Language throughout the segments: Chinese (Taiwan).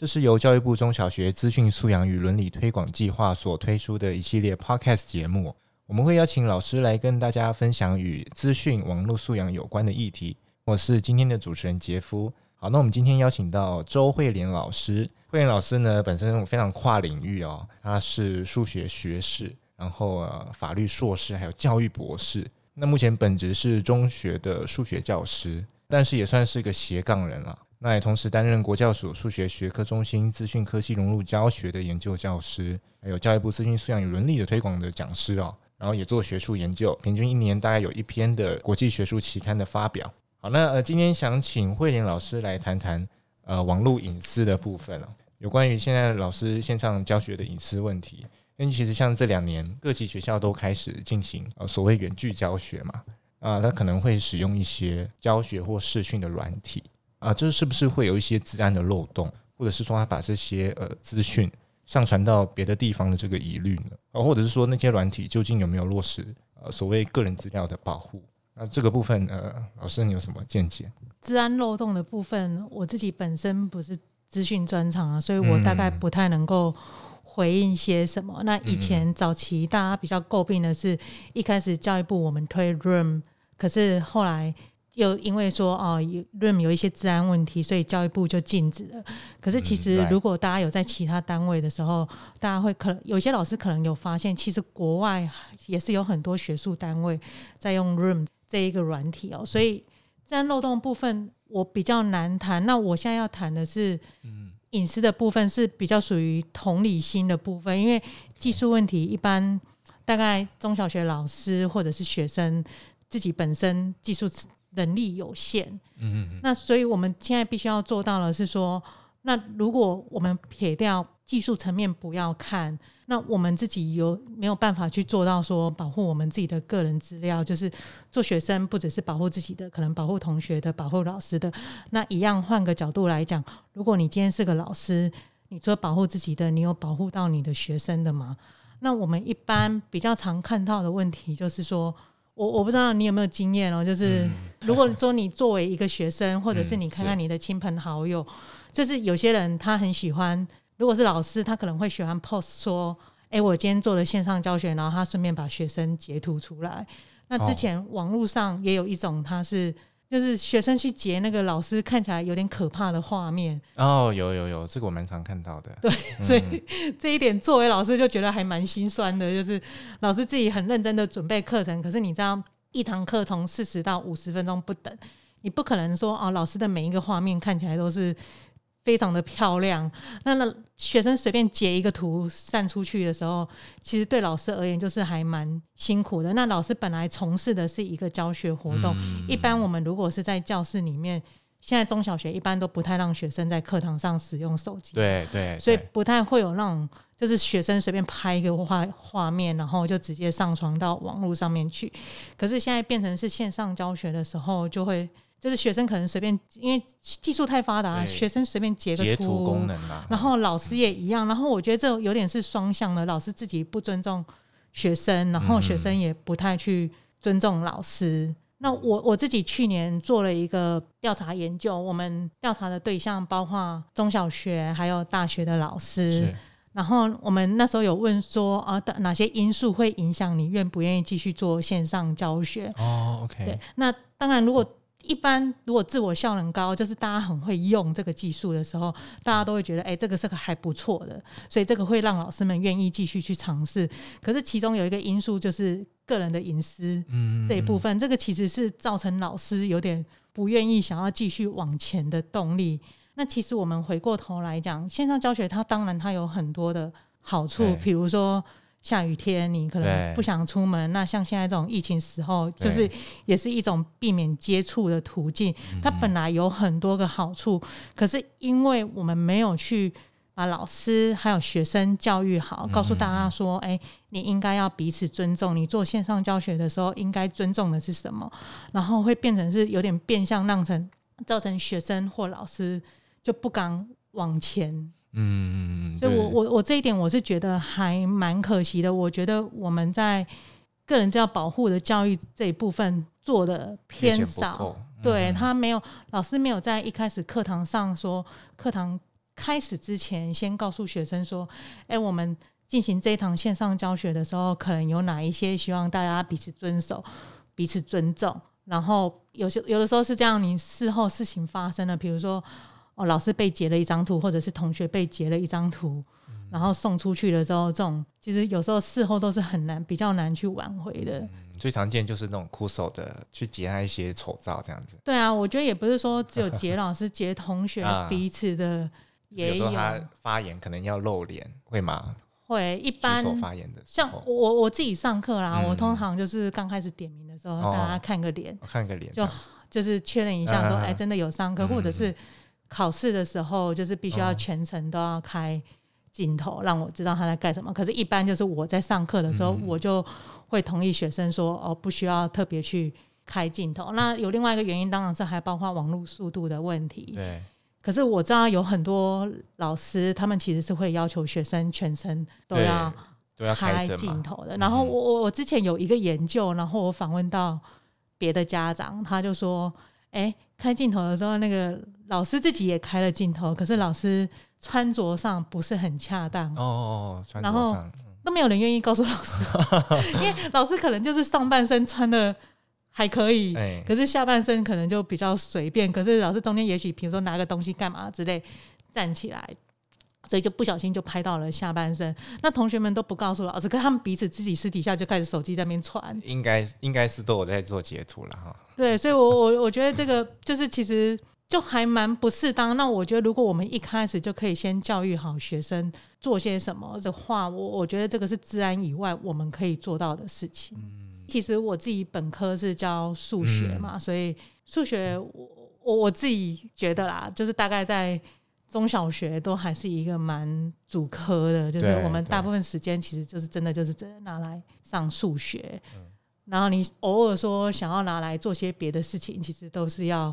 這是由教育部中小學資訊素養與倫理推廣計劃所推出的一系列 podcast 節目。我們會邀請老師來跟大家分享與資訊網絡素養有關的議題。我是今天的主持人傑夫。好，那我們今天邀請到周慧蓮老師。慧蓮老師呢，本身非常跨領域哦，她是數學學士，然後、啊、法律碩士，還有教育博士。那目前本職是中學的數學教師，但是也算是一個斜槓人了、啊。那也同時擔任國教署數學學科中心資訊科技融入教學的研究教師，還有教育部資訊素養與倫理的推廣的講師哦。然後也做學術研究，平均一年大概有一篇的國際學術期刊的發表。好，那、呃、今天想請慧蓮老師來談談呃網絡隱私的部分了、哦，有關於現在老師線上教學的隱私問題。因為其實像這兩年各級學校都開始進行呃所謂遠距教學嘛，啊，他可能會使用一些教學或視訊的軟體。啊，這、就是、是不是會有一些資安的漏洞，或者是說他把這些呃資訊上傳到別的地方的這個疑慮呢？啊，或者是說那些軟體究竟有沒有落實呃、啊、所謂個人資料的保護？那這個部分呃，老師你有什麼見解？資安漏洞的部分，我自己本身不是資訊專長啊，所以我大概不太能夠回應些什麼、嗯。那以前早期大家比較詬病的是一開始教育部我們推 Room，可是後來。就因為說哦，Zoom 有一些資安問題，所以教育部就禁止了。可是其實如果大家有在其他單位的時候，嗯、大家會可能有一些老師可能有發現，其實國外也是有很多學術單位在用 Zoom 這一個軟體哦、喔。所以，資安漏洞部分我比較難談。那我現在要談的是，隱私的部分是比較屬於同理心的部分，因為技術問題一般大概中小學老師或者是學生自己本身技術。能力有限，嗯嗯，那所以我們現在必須要做到的是說，那如果我們撇掉技術層面不要看，那我們自己有沒有辦法去做到說保護我們自己的個人資料？就是做學生不只是保護自己的，可能保護同學的，保護老師的，那一樣換個角度來講，如果你今天是個老師，你做保護自己的，你有保護到你的學生的嗎？那我們一般比較常看到的問題就是說。我我不知道你有沒有經驗哦，就是如果說你作為一個學生，或者是你看看你的親朋好友、嗯，就是有些人他很喜歡，如果是老師，他可能會喜歡 post 說，哎、欸，我今天做了線上教學，然後他順便把學生截圖出來。那之前網絡上也有一種，他是。就是學生去截那個老師看起來有點可怕的畫面。哦，有有有，這個我蠻常看到的。對、嗯，所以這一點作為老師就覺得還蠻心酸的，就是老師自己很認真的準備課程，可是你知道一堂課從四十到五十分鐘不等，你不可能說哦，老師的每一個畫面看起來都是。非常的漂亮。那那學生隨便截一個圖散出去的時候，其實對老師而言就是還蠻辛苦的。那老師本來從事的是一個教學活動，嗯，一般我們如果是在教室裡面，現在中小學一般都不太讓學生在課堂上使用手機，對對，對，所以不太會有那種就是學生隨便拍一個畫畫面，然後就直接上傳到網絡上面去。可是現在變成是線上教學的時候，就會。就是學生可能隨便，因為技術太發達、啊，學生隨便截個圖、啊、然後老師也一樣、嗯。然後我覺得這有點是雙向的，老師自己不尊重學生，然後學生也不太去尊重老師。嗯、那我我自己去年做了一個調查研究，我們調查的對象包括中小學還有大學的老師。是。然後我們那時候有問說啊，哪些因素會影響你願不願意繼續做線上教學？哦，OK。對。那當然，如果、哦一般如果自我效能高，就是大家很會用這個技術的時候，大家都會覺得，欸，這個是個還不錯的，所以這個會讓老師們願意繼續去嘗試。可是其中有一個因素就是個人的隱私這一部分，嗯嗯，這個其實是造成老師有點不願意想要繼續往前的動力。那其實我們回過頭來講，線上教學它當然它有很多的好處，嗯嗯、比如說。下雨天你可能不想出門，那像現在這種疫情時候，就是也是一種避免接觸的途徑。它本來有很多個好處，嗯，可是因為我們沒有去把老師還有學生教育好，嗯、告訴大家說：“哎、欸，你應該要彼此尊重。你做線上教學的時候，應該尊重的是什麼？”然後會變成是有點變相，讓成造成學生或老師就不敢往前。嗯嗯嗯，所以我我我這一點我是覺得還蠻可惜的。我覺得我們在個人資料保護的教育這一部分做得偏少，嗯、對他沒有老師沒有在一開始課堂上說，課堂開始之前先告訴學生說，哎、欸，我們進行這一堂線上教學的時候，可能有哪一些希望大家彼此遵守、彼此尊重。然後有些有的時候是這樣，你事後事情發生了，比如說。哦，老師被截了一張圖，或者是同學被截了一張圖、嗯，然後送出去了之後，這種其實有時候事後都是很難比較難去挽回的。最常見就是那種酷手的去截他一些醜照這樣子。對啊，我覺得也不是說只有截老師、截同學，彼此的也有時候他發言可能要露臉，會嗎？會。一般像我我自己上課啦，我通常就是剛開始點名的時候，大家看個臉，看個臉，就就是確認一下說，哎，真的有上課，或者是。考試的時候，就是必須要全程都要開鏡頭、啊，讓我知道他在幹什麼。可是，一般就是我在上課的時候、嗯，我就會同意學生說：“哦，不需要特別去開鏡頭。”那有另外一個原因，當然是還包括網絡速度的問題。對。可是我知道有很多老師，他們其實是會要求學生全程都要開鏡頭的。都要開鏡頭的嗯、然後我，我我我之前有一個研究，然後我訪問到別的家長，他就說：“哎、欸。”開鏡頭的時候，那個老師自己也開了鏡頭，可是老師穿着上不是很恰當哦，哦，哦，然後都沒有人願意告訴老師， 因為老師可能就是上半身穿的還可以，哎，可是下半身可能就比較隨便。可是老師中間也許，比如說拿個東西幹嘛之類，站起來。所以就不小心就拍到了下半身，那同學們都不告訴老師，可他們彼此自己私底下就開始手機在那邊傳。應該應該是都有在做截圖了哈。對，所以我，我我我覺得這個就是其實就還蠻不適當，嗯。那我覺得如果我們一開始就可以先教育好學生做些什麼的話，我我覺得這個是資安以外我們可以做到的事情。嗯，其實我自己本科是教數學嘛，嗯、所以數學我我我自己覺得啦，就是大概在，中小學都還是一個蠻主科的，就是我們大部分時間其實就是真的就是只拿來上數學。然後你偶爾說想要拿來做些別的事情，其實都是要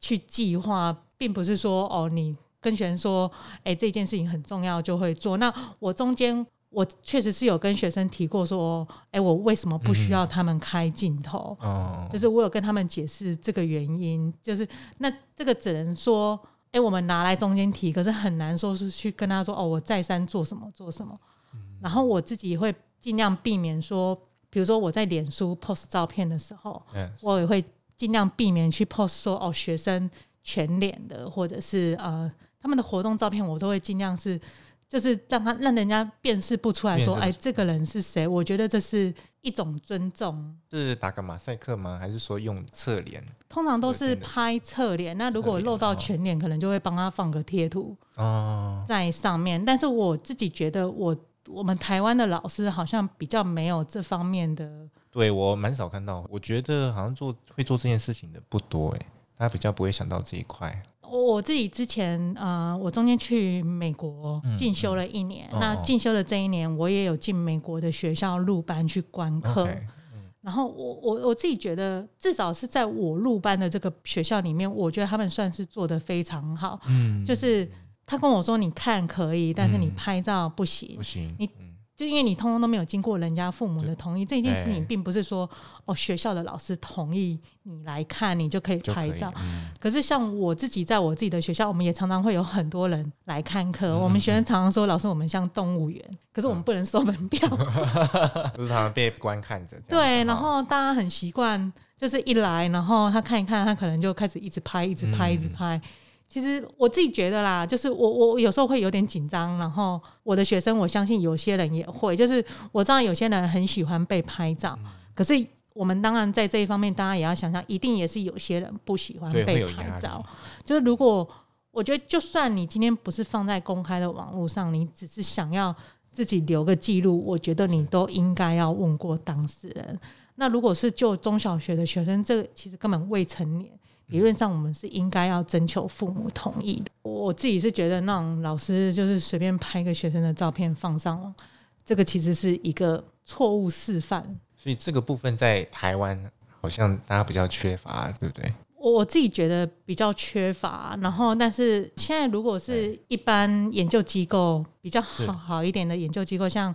去計劃，並不是說哦，你跟學生說，哎、欸，這件事情很重要就會做。那我中間我確實是有跟學生提過說，哎、欸，我為什麼不需要他們開鏡頭？就是我有跟他們解釋這個原因，就是那這個只能說。哎、欸，我們拿來中間提，可是很難說是去跟他說哦，我再三做什麼做什麼、嗯，然後我自己會盡量避免說，比如說我在臉書 post 照片的時候，Yes。我也會盡量避免去 post 說哦學生全臉的，或者是呃他們的活動照片，我都會盡量是。就是讓他讓人家辨識不出來說，來哎，這個人是誰？我覺得這是一種尊重。是打個馬賽克嗎？還是說用側臉？通常都是拍側臉。那如果露到全臉，可能就會幫他放個貼圖哦在上面、哦。但是我自己覺得我，我我們台灣的老師好像比較沒有這方面的對。對，我蠻少看到，我覺得好像做會做這件事情的不多哎、欸，他比較不會想到這一塊。我我自己之前，啊、呃，我中間去美國進修了一年。嗯嗯、那進修的這一年、哦，我也有進美國的學校入班去觀課、okay, 嗯。然後我我我自己覺得，至少是在我入班的這個學校裡面，我覺得他們算是做得非常好、嗯。就是他跟我說，你看可以，但是你拍照不行，不、嗯、行，你就因為你通通都沒有經過人家父母的同意，這件事情並不是說哦學校的老師同意你來看，你就可以拍照。可以、嗯。可是像我自己在我自己的學校，我們也常常會有很多人來看課、嗯。我們學生常常說，老師我們像動物園，可是我們不能收門票，嗯、 就是他們被觀看着。對，然後大家很習慣，就是一來，然後他看一看，他可能就開始一直拍，一直拍，嗯、一直拍。其實我自己覺得啦，就是我我有時候會有點緊張，然後我的學生，我相信有些人也會，就是我知道有些人很喜歡被拍照、嗯，可是我們當然在這一方面，大家也要想想，一定也是有些人不喜歡被拍照。就是如果我覺得，就算你今天不是放在公開的網絡上，你只是想要自己留個記錄，我覺得你都應該要問過當事人。那如果是就中小學的學生，這個、其實根本未成年。理論上，我們是應該要徵求父母同意的。我自己是覺得，那種老師就是隨便拍個學生的照片放上網，這個其實是一個錯誤示範。所以這個部分在台灣好像大家比較缺乏，對不對？我自己覺得比較缺乏。然後，但是現在如果是一般研究機構比較好好一點的研究機構，像。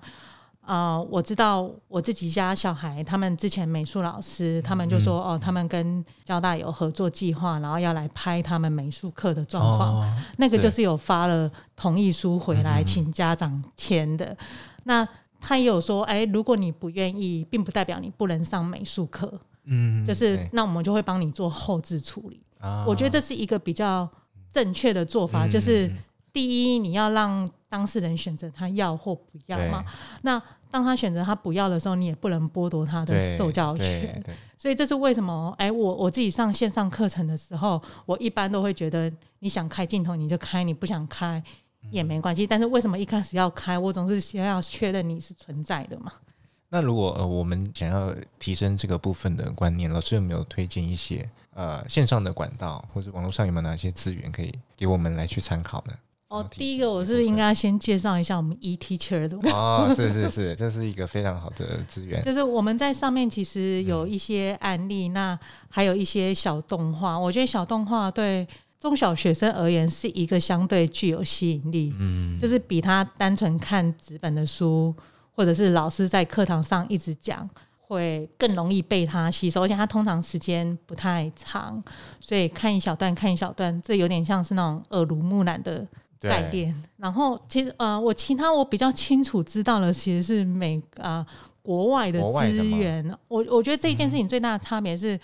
啊、uh,，我知道我自己家小孩，他們之前美術老師，嗯嗯他們就說哦，他們跟交大有合作計劃，然後要來拍他們美術課的狀況，哦、那個就是有發了同意書回來，請家長填的。嗯嗯那他也有說，哎，如果你不願意，並不代表你不能上美術課，嗯，就是、嗯、那我們就會幫你做後製處理、哦。我覺得這是一個比較正確的做法，嗯、就是第一，你要讓。當事人選擇他要或不要嘛。那當他選擇他不要的時候，你也不能剝奪他的受教權。對對對。所以這是為什麼？誒、欸，我我自己上線上課程的時候，我一般都會覺得，你想開鏡頭你就開，你不想開也沒關係，嗯。但是為什麼一開始要開？我總是想要確認你是存在的嘛。那如果呃，我們想要提升這個部分的觀念，老師有沒有推薦一些呃線上的管道，或者網絡上有沒有哪些資源可以給我們來去參考呢？哦、oh，第一個，我是不是應該先介紹一下我們 E Teacher 的？哦，是是是，這是一個非常好的資源。就是我們在上面其實有一些案例，嗯、那還有一些小動畫。我覺得小動畫對中小學生而言是一個相對具有吸引力，嗯，就是比他單純看紙本的書，或者是老師在課堂上一直講，會更容易被他吸收。而且他通常時間不太長，所以看一小段，看一小段，這有點像是那種耳濡目染的。概念，然後其實呃，我其他我比較清楚知道的其實是美啊、呃、國外的資源，我我覺得這一件事情最大的差別是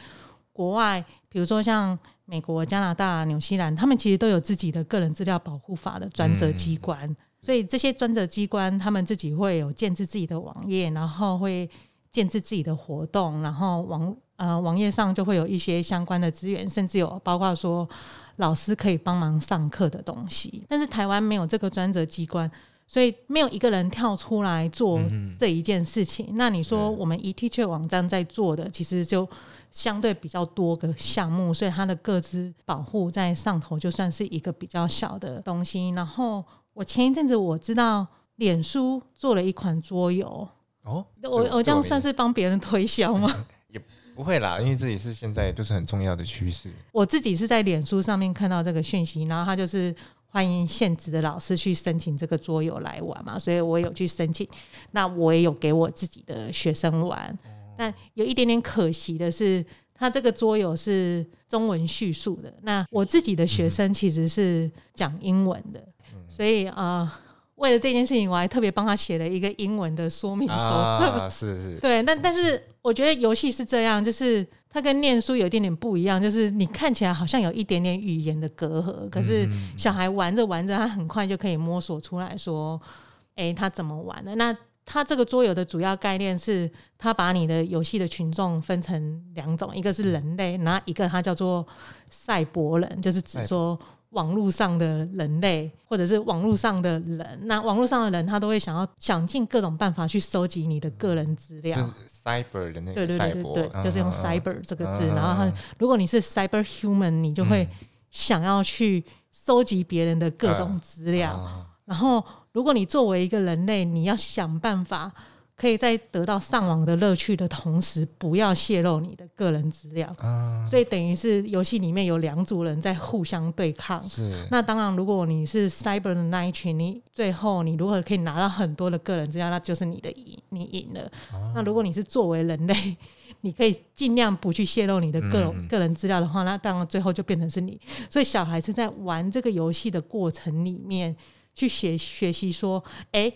國外，嗯，比如說像美國、加拿大、紐西蘭，他們其實都有自己的個人資料保護法的專責機關，嗯，所以這些專責機關他們自己會有建置自己的網頁，然後會建置自己的活動，然後網呃網頁上就會有一些相關的資源，甚至有包括說。老師可以幫忙上課的東西，但是台灣沒有這個專責機關，所以沒有一個人跳出來做這一件事情。嗯嗯、那你說我們 eTeacher 網站在做的，其實就相對比較多個項目，所以它的個資保護在上頭，就算是一個比較小的東西。然後我前一陣子我知道，臉書做了一款桌遊哦，我我這樣算是幫別人推銷嗎？哦 不會啦，因為這也是現在都是很重要的趨勢。我自己是在臉書上面看到這個訊息，然後他就是歡迎現職的老師去申請這個桌遊來玩嘛，所以我有去申請。那我也有給我自己的學生玩，嗯、但有一點點可惜的是，他這個桌遊是中文敘述的，那我自己的學生其實是講英文的，嗯、所以啊。Uh, 為了這件事情，我還特別幫他寫了一個英文的說明手冊。啊，是是，是。對，但但是我覺得遊戲是這樣，就是它跟念書有一點點不一樣，就是你看起來好像有一點點語言的隔閡，可是小孩玩着玩着，他很快就可以摸索出來說，哎、欸，他怎麼玩的？那他這個桌遊的主要概念是，他把你的遊戲的群眾分成兩種，一個是人類，然後一個他叫做賽博人，就是指說，網絡上的人類，或者是網絡上的人，那網絡上的人他都會想要想盡各種辦法去收集你的個人資料。就是、cyber 的那個，對對對對、cyber、對，就是用 cyber 這個字。Uh -huh. 然後，如果你是 cyber human，你就會想要去收集別人的各種資料。Uh -huh. 然後，如果你作為一個人類，你要想辦法。可以在得到上網的樂趣的同時，不要洩露你的個人資料。Uh, 所以等於是遊戲裡面有兩組人在互相對抗。是。那當然，如果你是 cyber 的那一群，你最後你如何可以拿到很多的個人資料，那就是你的贏，你贏了。Uh, 那如果你是作為人類，你可以盡量不去洩露你的個個人資料的話、嗯，那當然最後就變成是你。所以小孩是在玩這個遊戲的過程裡面去學學習說，哎、欸。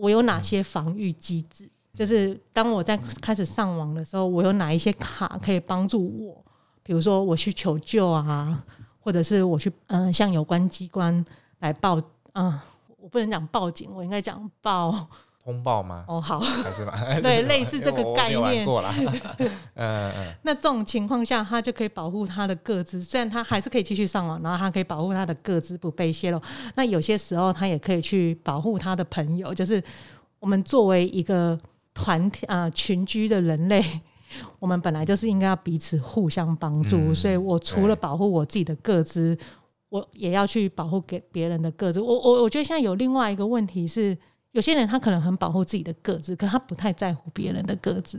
我有哪些防禦機制？就是當我在開始上網的時候，我有哪一些卡可以幫助我？比如說我去求救啊，或者是我去嗯向、呃、有關機關來報嗯、呃，我不能講報警，我應該講報。通報嗎？哦，好，還是吧？ 對，類似這個概念。欸、我，我沒有玩過啦 嗯嗯。那這種情況下，他就可以保護他的個資，雖然他還是可以繼續上網，然後他可以保護他的個資不被洩露。那有些時候，他也可以去保護他的朋友。就是我們作為一個團體啊、呃，群居的人類，我們本來就是應該要彼此互相幫助、嗯。所以我除了保護我自己的個資，我也要去保護給別人的個資。我我我覺得現在有另外一個問題是。有些人他可能很保護自己的個資，可他不太在乎別人的個資。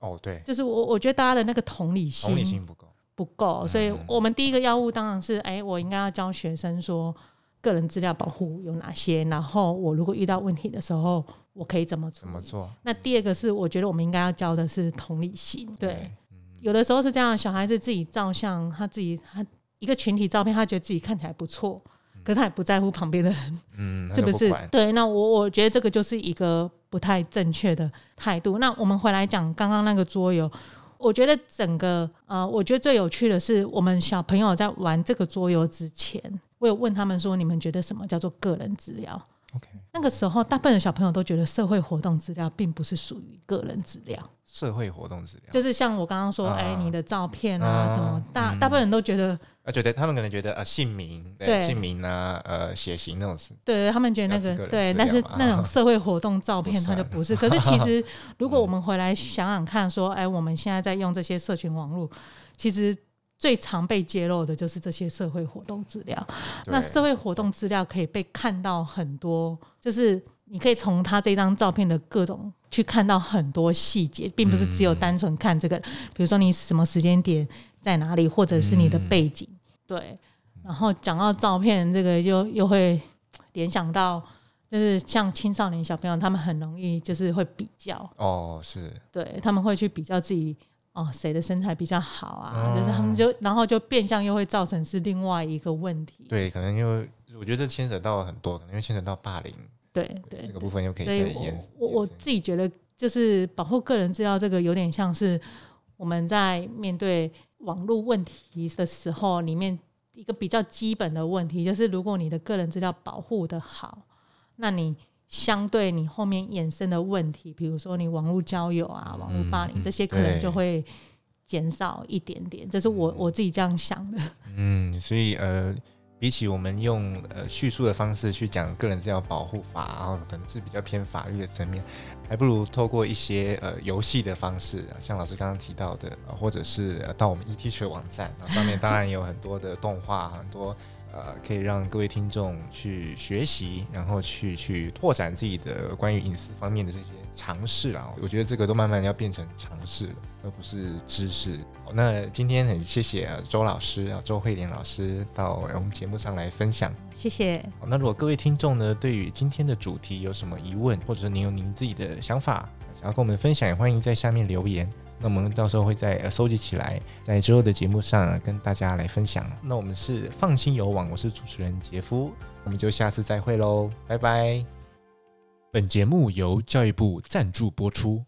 哦，對，就是我，我覺得大家的那個同理心,同理心不，不夠，不夠。所以我們第一個要務當然是，哎、欸，我應該要教學生說，個人資料保護有哪些？然後我如果遇到問題的時候，我可以怎麼做？怎麼做、嗯？那第二個是，我覺得我們應該要教的是同理心。對,對、嗯，有的時候是這樣，小孩子自己照相，他自己他一個群體照片，他覺得自己看起來不錯。可是他也不在乎旁邊的人，嗯，是不是？對，那我我覺得這個就是一個不太正確的態度。那我們回來講剛剛那個桌遊，我覺得整個呃，我覺得最有趣的是，我們小朋友在玩這個桌遊之前，我有問他們說，你們覺得什麼叫做個人資料？OK，那個時候大部分的小朋友都覺得社會活動資料並不是屬於個人資料，社會活動資料就是像我剛剛說，哎、啊欸，你的照片啊什麼，啊嗯，大大部分人都覺得。啊，覺得他們可能覺得啊，姓名對對、姓名啊，呃，血型那種事。對，他們覺得那個，個對，但是那種社會活動照片，它、啊、就不是。可是其實，如果我們回來想想看，說，哎， 我們現在在用這些社群網絡，其實最常被揭露的就是這些社會活動資料。那社會活動資料可以被看到很多，就是。你可以從他這張照片的各種去看到很多細節，並不是只有單純看這個、嗯。比如說你什麼時間點在哪裡，或者是你的背景，嗯、對。然後講到照片這個又，又又會聯想到，就是像青少年小朋友，他們很容易就是會比較哦，是，對，他們會去比較自己哦，誰的身材比較好啊，嗯、就是他們就然後就變相又會造成是另外一個問題。對，可能因為我覺得這牽扯到了很多，可能因為牽扯到霸凌。對對，這個部分可以。所以我我我，我自己覺得，就是保護個人資料這個有點像是我們在面對網絡問題的時候，裡面一個比較基本的問題，就是如果你的個人資料保護得好，那你相對你後面衍生的問題，比如說你網絡交友啊、網絡霸凌這些，可能就會減少一點點。這是我、嗯、我自己這樣想的。嗯，所以呃。比起我們用呃敘述的方式去講個人資料保護法，然、啊、後可能是比較偏法律的層面，還不如透過一些呃遊戲的方式，啊、像老師剛剛提到的，啊、或者是、啊、到我們 eTeacher 網站、啊、上面，當然有很多的動畫， 很多。呃，可以讓各位聽眾去學習，然後去去拓展自己的關於隱私方面的這些常識。啊、哦。我覺得這個都慢慢要變成常識了，而不是知識。好，那今天很謝謝周老師啊，周慧蓮老師到我們節目上來分享，謝謝。好，那如果各位聽眾呢，對於今天的主題有什麼疑問，或者是您有您自己的想法想要跟我們分享，也歡迎在下面留言。那我們到時候會再呃收集起來，在之後的節目上、啊、跟大家來分享。那我們是放心遊網，我是主持人杰夫，我們就下次再會嘍，拜拜。本節目由教育部贊助播出。